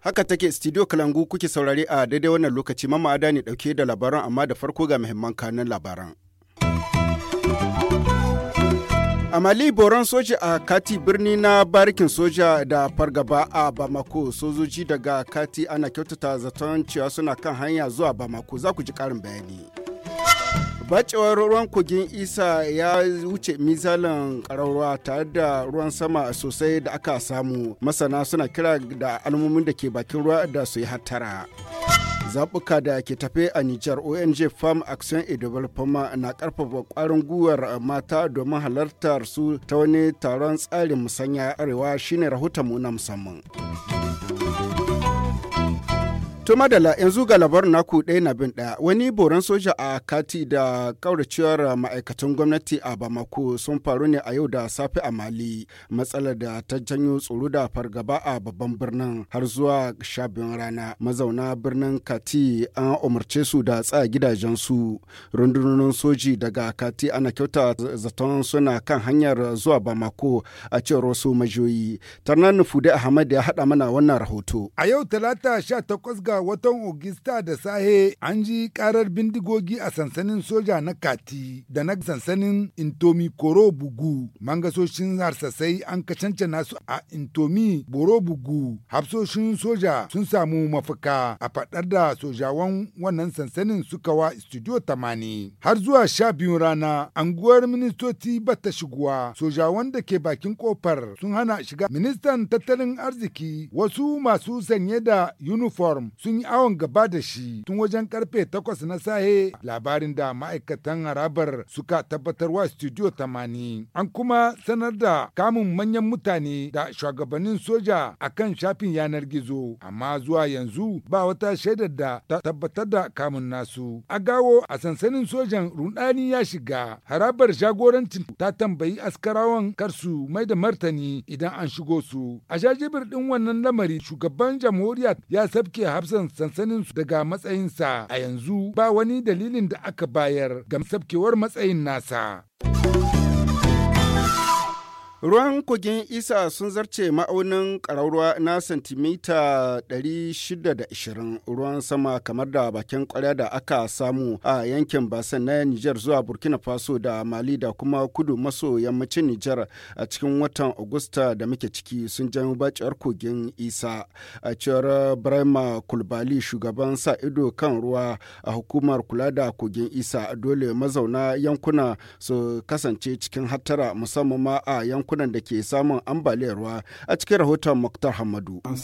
Haka take studio Kalangu kuke saurari a daidai wannan lokaci mamma ada ne dauke da labaran amma da farko ga muhimman kanan labaran. amali boron soja a Kati birni na barikin soja da fargaba a Bamako sojoji daga Kati ana kyautata zaton cewa suna kan hanya zuwa Bamako za ku ji karin bayani. Bacewar ruwan kogin Isa ya wuce mizalin ƙararwa tare da ruwan sama sosai da aka samu. Masana suna kira da almomin da ke bakin ruwa da su yi hattara. zaɓuka da ke tafe a Nijar ONG Farm Action e Development na karfafa ƙwarin gwiwar eh, mata domin halartar su ta wani taron tsarin musanya arewa shine rahoton mu na musamman. To madala yanzu ga labarin naku ɗaya na bin ɗaya wani boran soja a kati da kauracewar ma'aikatan gwamnati a Bamako sun faru ne a yau da safe a Mali matsalar da ta janyo tsoro da fargaba a babban birnin har zuwa shabin rana mazauna birnin kati an umarce su da tsaya su. rundunonin soji daga kati ana kyauta zaton suna kan hanyar zuwa Bamako a cewar wasu majiyoyi. Tarnan Fude Ahmad ya haɗa mana wannan rahoto. A yau talata sha takwas ga watan Ogista da sahe an ji karar bindigogi a sansanin soja na Kati da na sansanin Intomi korobugu Bugu. Mangasoshin harsasai an kacance nasu a Intomi Boro Bugu. Hafsoshin soja sun samu mafaka a faɗar da sojawan wannan sansanin suka wa Studio Tamani. Har zuwa sha biyun rana, anguwar ministoci ta shigowa. Sojawan da ke bakin kofar sun hana shiga ministan tattalin arziki wasu masu sanye da uniform sun yi awon gaba da shi tun wajen karfe 8 na sahe labarin da ma'aikatan harabar suka tabbatar wa studio 80 an kuma sanar da kamun manyan mutane da shugabannin soja a kan shafin yanar gizo amma zuwa yanzu ba wata shaidar da ta tabbatar da kamun nasu a gawo a sansanin sojan rudani ya shiga harabar jagorancin ta tambayi askarawan karsu mai da martani idan an shigo su a jajibir din wannan lamari shugaban jamhuriya ya sabke hafsa sansanin su daga matsayinsa a yanzu ba wani dalilin da aka bayar ga sabkewar matsayin nasa. Ruwan kogin Isa sun zarce ma'aunin ƙararruwa na santimita 620 ruwan sama kamar da bakin ƙwarya da aka samu a yankin Basan na Nijar zuwa Burkina Faso da Mali da kuma kudu maso yammacin Nijar a cikin watan Agusta da muke ciki sun janyo baciyar kogin Isa. A cewar Brahma Kulbali shugaban sa ido kan ruwa a hukumar kula da kogin Isa dole mazauna yankuna su kasance cikin hattara musamman ma a yankunan yankunan da ke samun ambaliyar ruwa a cikin rahoton Muktar Hamadu. Euh,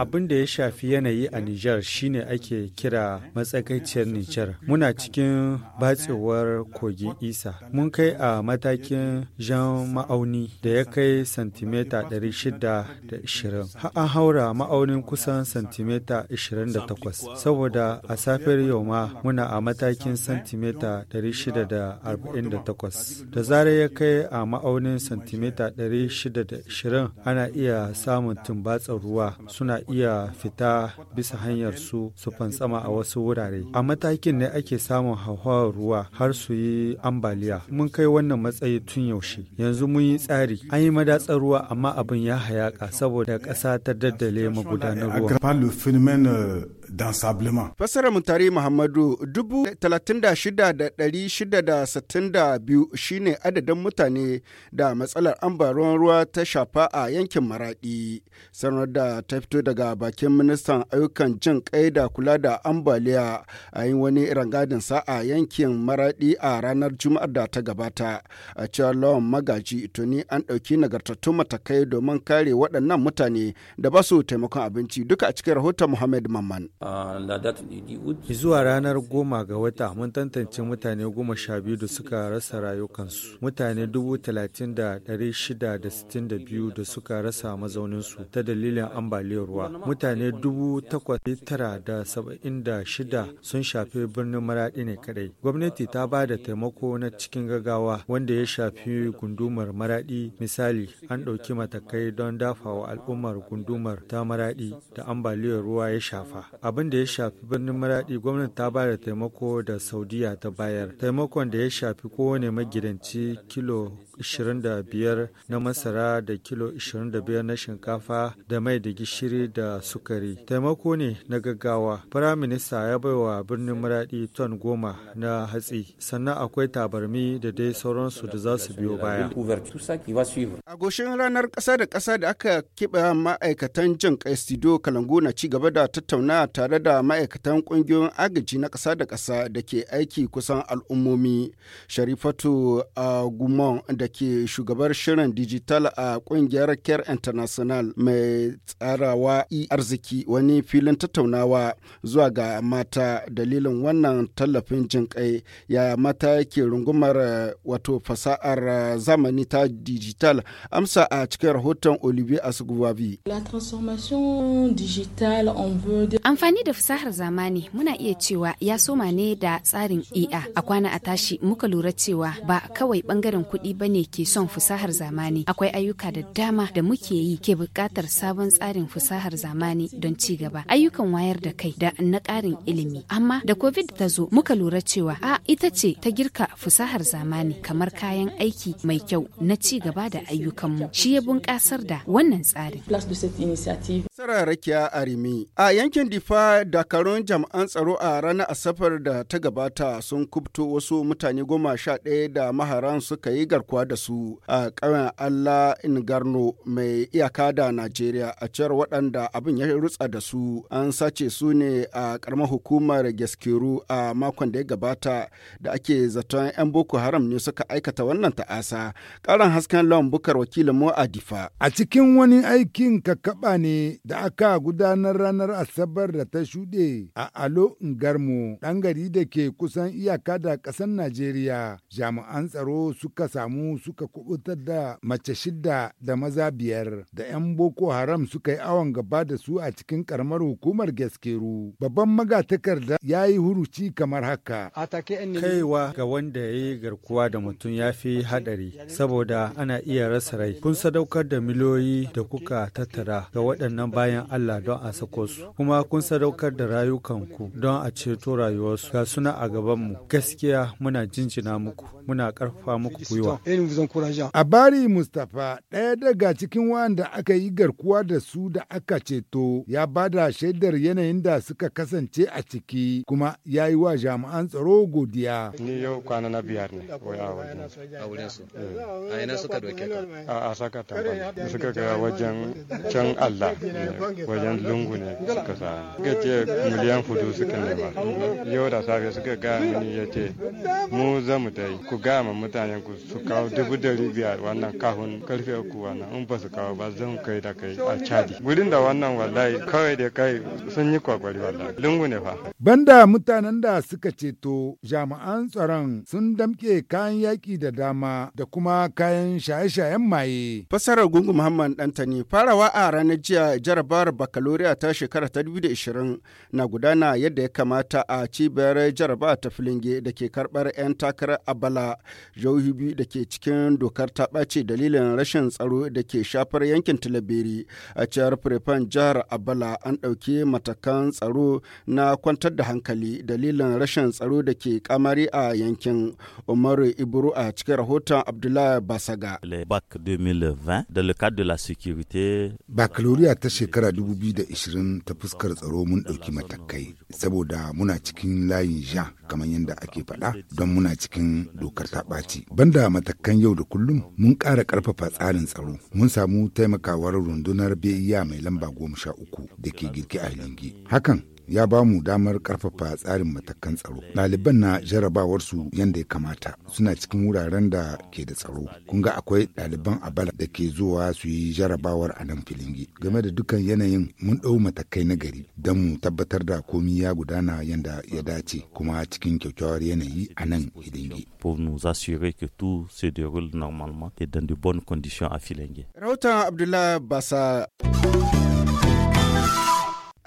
Abin da ya shafi yanayi a Nijar shine ake kira matsakaiciyar Nijar. Muna cikin batsewar kogin Isa. Mun kai a matakin jan ma'auni da ya kai santimeta 620. An haura ma'aunin kusan santimeta 28. Saboda a safiyar yau ma muna a matakin santimeta 648. Da zarar ya kai a ma'aunin santimeta santimita 620 ana iya samun tumbatsar ruwa suna iya fita bisa hanyar su su fantsama a wasu wurare. A matakin ne ake samun hauhawar ruwa har su yi ambaliya. Mun kai wannan matsayi tun yaushe. Yanzu mun yi tsari. An yi madatsar ruwa amma abin ya hayaka saboda ƙasa ta daddale magudanar ruwa. dansablement. Fassarar Mutare Muhammadu dubu talatin da shida da dari shida da sittin da biyu shine adadin mutane da matsalar ambaruwan ruwa ta shafa a yankin Maraɗi. Sanar da ta fito daga bakin ministan ayyukan jin kai da kula da ambaliya a yin wani rangadin sa a yankin Maraɗi a ranar Juma'ar da ta gabata. A cewar lawan magaji tuni an ɗauki nagartattun matakai domin kare waɗannan mutane da ba su taimakon abinci duka a cikin rahoton Muhammad Mamman. Zuwa ranar goma ga wata mun tantance mutane goma sha biyu da suka rasa rayukansu, mutane dubu talatin da ɗari shida da sittin da biyu da suka rasa mazauninsu ta dalilin ambaliyar ruwa, mutane dubu takwas tara da saba'in da shida sun shafi birnin maraɗi ne kadai. Gwamnati ta ba da taimako na cikin gaggawa wanda ya shafi gundumar maraɗi misali an ɗauki matakai don dafawa al'ummar gundumar ta maraɗi da ambaliyar ruwa ya shafa. abin da ya shafi birnin maradi gwamnati ta ba da taimako da saudiya ta bayar taimakon da ya shafi kowane magidanci kilo 25 na masara da kilo 25 na shinkafa da mai da gishiri da sukari. Taimako ne na gaggawa. Firaminista ya baiwa birnin Muradi ton goma na hatsi. Sannan akwai tabarmi da dai sauransu da za su biyo baya. A goshin ranar ƙasa da ƙasa da aka kiɓa ma'aikatan jin Kaistido Kalangu na ci gaba da tattauna tare da ma'aikatan ƙungiyoyin agaji na ƙasa da ƙasa da ke aiki kusan al'ummomi. Sharifatu Gumon da ke shugabar shirin digital a kungiyar Care International mai tsarawa e arziki wani filin tattaunawa zuwa ga mata dalilin wannan tallafin jin kai ya mata yake rungumar wato fasa'ar zamani ta digital amsa a cikin rahoton Olivier Asugwabi. Amfani da fasahar zamani muna iya cewa ya soma ne da tsarin EA a kwana a tashi muka lura cewa ba kawai bangaren kuɗi bane ne ke son fusahar zamani akwai ayyuka da dama da muke yi ke buƙatar sabon tsarin fusahar zamani don ci gaba ayyukan wayar da kai da na ƙarin ilimi amma da covid ta zo muka lura cewa a ita ce ta girka fusahar zamani kamar kayan aiki mai kyau na ci gaba da ayyukanmu shi ya bunƙasar da wannan tsarin Sara Rakiya Arimi a yankin Difa dakarun jami'an tsaro a ranar asafar da ta gabata sun kubto wasu mutane goma sha ɗaya da maharan suka yi garkuwa kulawa da su a ƙauyen Allah Ingarno mai iyaka da Najeriya a cewar waɗanda abin ya rutsa da su an sace su ne a ƙaramar hukumar Gaskeru a makon da ya gabata da ake zaton 'yan Boko Haram ne suka aikata wannan ta'asa. ƙaran hasken lawan bukar wakilin mu a Difa. A cikin wani aikin kakaba ne da aka gudanar ranar Asabar da ta shuɗe a Alo Ngarmo ɗan gari da ke kusan iyaka da ƙasar Najeriya jami'an tsaro suka samu mu suka kubutar da mace shidda da maza biyar da 'yan Boko Haram suka yi awon gaba da su a cikin karamar hukumar gaskeru. Babban magatakarda ya yi huruci kamar haka. Kaiwa ga wanda ya yi garkuwa da mutum ya fi haɗari saboda ana iya rasa rai. Kun sadaukar da miliyoyi da kuka tattara ga waɗannan bayan Allah don a sako su. Kuma kun sadaukar da rayukanku don a ceto rayuwarsu. Ga suna a gabanmu. Gaskiya muna jinjina muku, muna ƙarfafa muku gwiwa. in vous encourageant. A bari Mustapha ɗaya daga cikin wanda aka yi garkuwa da su da aka ceto ya bada shaidar yanayin da suka kasance a ciki kuma ya yi wa jami'an tsaro godiya. Ni yau kwana na biyar ne a wajen. A wurin su. Eh. A ina suka doke ka. A a saka tambaya. Suka ga wajen can Allah eh, wajen lungu ne suka sa. Suka ce miliyan hudu suka nema. Yau da safe suka ga ni ya ce mu za mu dai ku gama mutanen ku su kawo dubu dari biyar wannan kafin karfe uku wannan in ba su kawo ba zan kai da kai a cadi wurin da wannan wallahi kawai da kai sun yi kwakwari wallahi lungu ne fa. banda mutanen da suka ceto jami'an tsaron sun damke kayan yaƙi da dama da kuma kayan shaye-shayen maye. fasarar gungu muhammad dantani farawa a ranar jiya jarabar bakaloriya ta shekara ta 2020 na gudana yadda ya kamata a cibiyar jaraba ta filinge da ke karɓar 'yan takarar abala jauhi biyu da ke cikin dokar ta ɓace dalilin rashin tsaro da ke shafar yankin talabiri a ciyar Firifan jihar Abala an ɗauki matakan tsaro na kwantar da hankali dalilin rashin tsaro da ke kamari a yankin Umaru Iburu a cikin rahoton Abdullahi Basaga. BAC 2020 la ta shekara 2020 ta fuskar tsaro mun ɗauki matakai saboda muna cikin layin ja kamar yadda ake faɗa don muna cikin dokar ta ɓaci. Banda matakai ayyukan yau da kullum mun ƙara ƙarfafa tsarin tsaro mun samu taimakawar rundunar biyayya mai lamba goma sha uku da ke girki a hilingi hakan ya ba mu damar karfafa tsarin matakan tsaro. Ɗaliban na jarabawarsu yadda ya kamata suna cikin wuraren da ke da tsaro. Kun ga akwai ɗaliban a bala da ke zuwa su yi jarabawar a nan filingi. Game da dukkan yanayin mun ɗau matakai na gari don mu tabbatar da komi ya gudana yadda ya dace kuma cikin kyakkyawar yanayi a nan filingi. Pour nous assurer que tout se déroule normalement et dans de bonnes conditions à filingi Rahoton Abdullah Basa.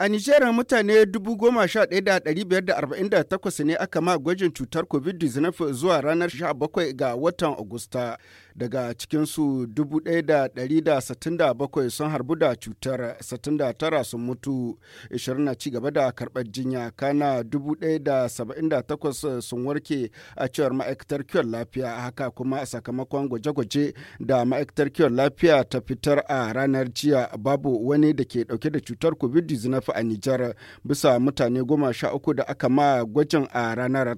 A Nijeriya mutane 11,548 ne aka ma gwajin cutar COVID-19 zuwa ranar 17 ga watan Agusta. daga cikinsu 1,167 sun harbu da cutar 69 sun mutu 20 na ci gaba da karɓar jinya kana 1,078 sun warke a cewar ma'aikatar kiwon lafiya haka kuma a sakamakon gwaje-gwaje da ma'aikatar kiwon lafiya ta fitar a ranar jiya babu wani da ke ɗauke da cutar covid-19 a Nijar bisa mutane goma sha uku da aka ma gwajin a ranar.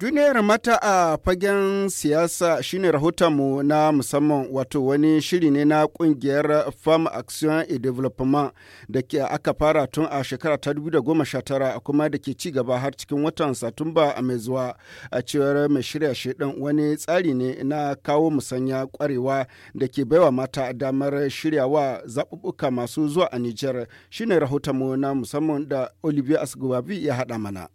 Duniyar mata a fagen siyasa shine rahotonmu na musamman wato wani shiri ne na kungiyar Farm Action and Development da ke aka fara tun a shekara ta 2019 kuma da ke ci gaba har cikin watan Satumba mai zuwa a cewar mai shirya shirin wani tsari ne na kawo musanya kwarewa da ke baiwa mata damar shiryawa zaɓuɓɓuka masu zuwa a Nijar shine mu na musamman da Olivier Asgubabi ya haɗa mana.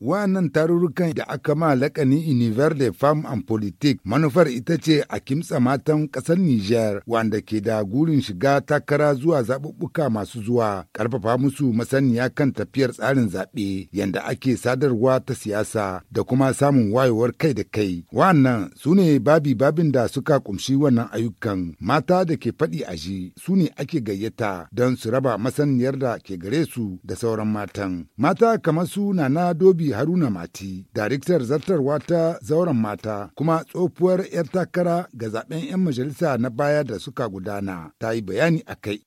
Wannan tarurrukan da aka ma lakani Univer de Femme en Politique manufar ita ce a kimtsa matan ƙasar Niger wanda ke da gurin shiga takara zuwa zaɓuɓɓuka masu zuwa, ƙarfafa musu masaniya kan tafiyar tsarin zaɓe yadda ake sadarwa ta siyasa da kuma samun wayewar kai da kai. Wannan su ne babi babin da suka kumshi wannan ayyukan mata da ke faɗi a ji. su ne ake gayyata don su raba masaniyar da ke gare su da sauran matan. Mata kamar su na dobi Rabi Haruna Mati, daraktar zartarwa ta zauren mata kuma tsofuwar 'yar takara ga zaben 'yan majalisa na baya da suka gudana ta yi bayani a kai.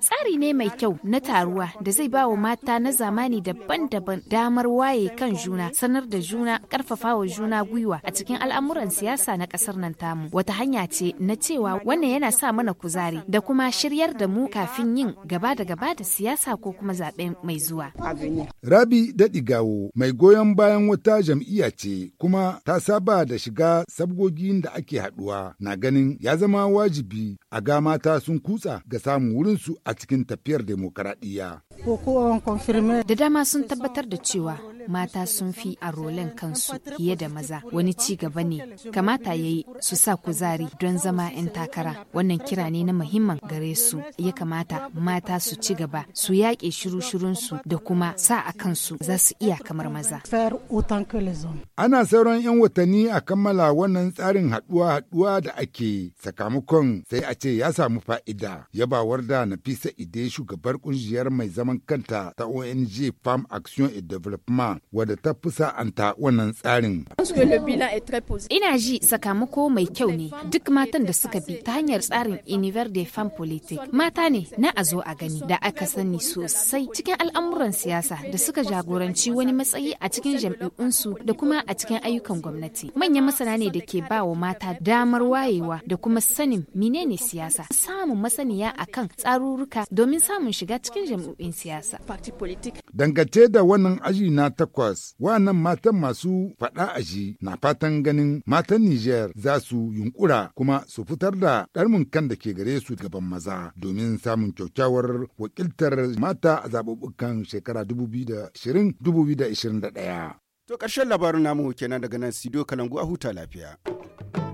Tsari ne mai kyau na taruwa da zai ba wa mata na zamani daban-daban damar waye kan juna, sanar da juna, karfafa wa juna gwiwa a cikin al'amuran siyasa na kasar nan tamu. Wata hanya ce na cewa wannan yana sa mana kuzari da kuma shiryar da mu kafin yin gaba da gaba da siyasa ko kuma zaben mai zuwa. Rabi Daɗigawo mai goyon bayan wata jam'iyya ce kuma ta saba da shiga sabgogin da ake haɗuwa na ganin ya zama wajibi a ga mata sun kutsa ga samun wurinsu a cikin tafiyar demokaradiyya. Da dama sun tabbatar da cewa mata sun fi a rolen kansu fiye da maza wani ci gaba ne kamata ya yi su sa kuzari don zama 'yan takara wannan kira ne na muhimman gare su ya kamata mata su ci gaba su yaƙe shiru-shirunsu da kuma sa a kansu za su iya kamar maza. Ana sauran 'yan watanni a kammala wannan tsarin haɗuwa haduwa da ake sakamakon sai a ce ya samu fa'ida yabawar da Nafisa Ide shugabar ƙungiyar mai zaman kanta ta ONG Farm Action and Development wadda ta fi sa'anta wannan tsarin. Ina ji sakamako mai kyau ne duk matan da suka bi ta hanyar tsarin Univer de fan Politique. Mata ne na a zo a gani da aka sani sosai cikin al'amuran siyasa da suka jagoranci wani matsayi a cikin jam'i'unsu da kuma a cikin ayyukan gwamnati. Manyan masana ne da ke ba wa mata damar wayewa da kuma sanin menene siyasa. Samun masaniya akan tsarurruka domin samun shiga cikin jam'i'un siyasa. Dangace da wannan aji na takwas wannan matan masu faɗa a ji na fatan ganin matan Nijar za su yunkura kuma su fitar da ɗarmin kan da ke gare su gaban maza domin samun kyaukyawar wakiltar mata a zaɓuɓɓukan shekara 2020-2021. To ƙarshen labarin namu kenan daga nan Sido Kalangu a huta lafiya.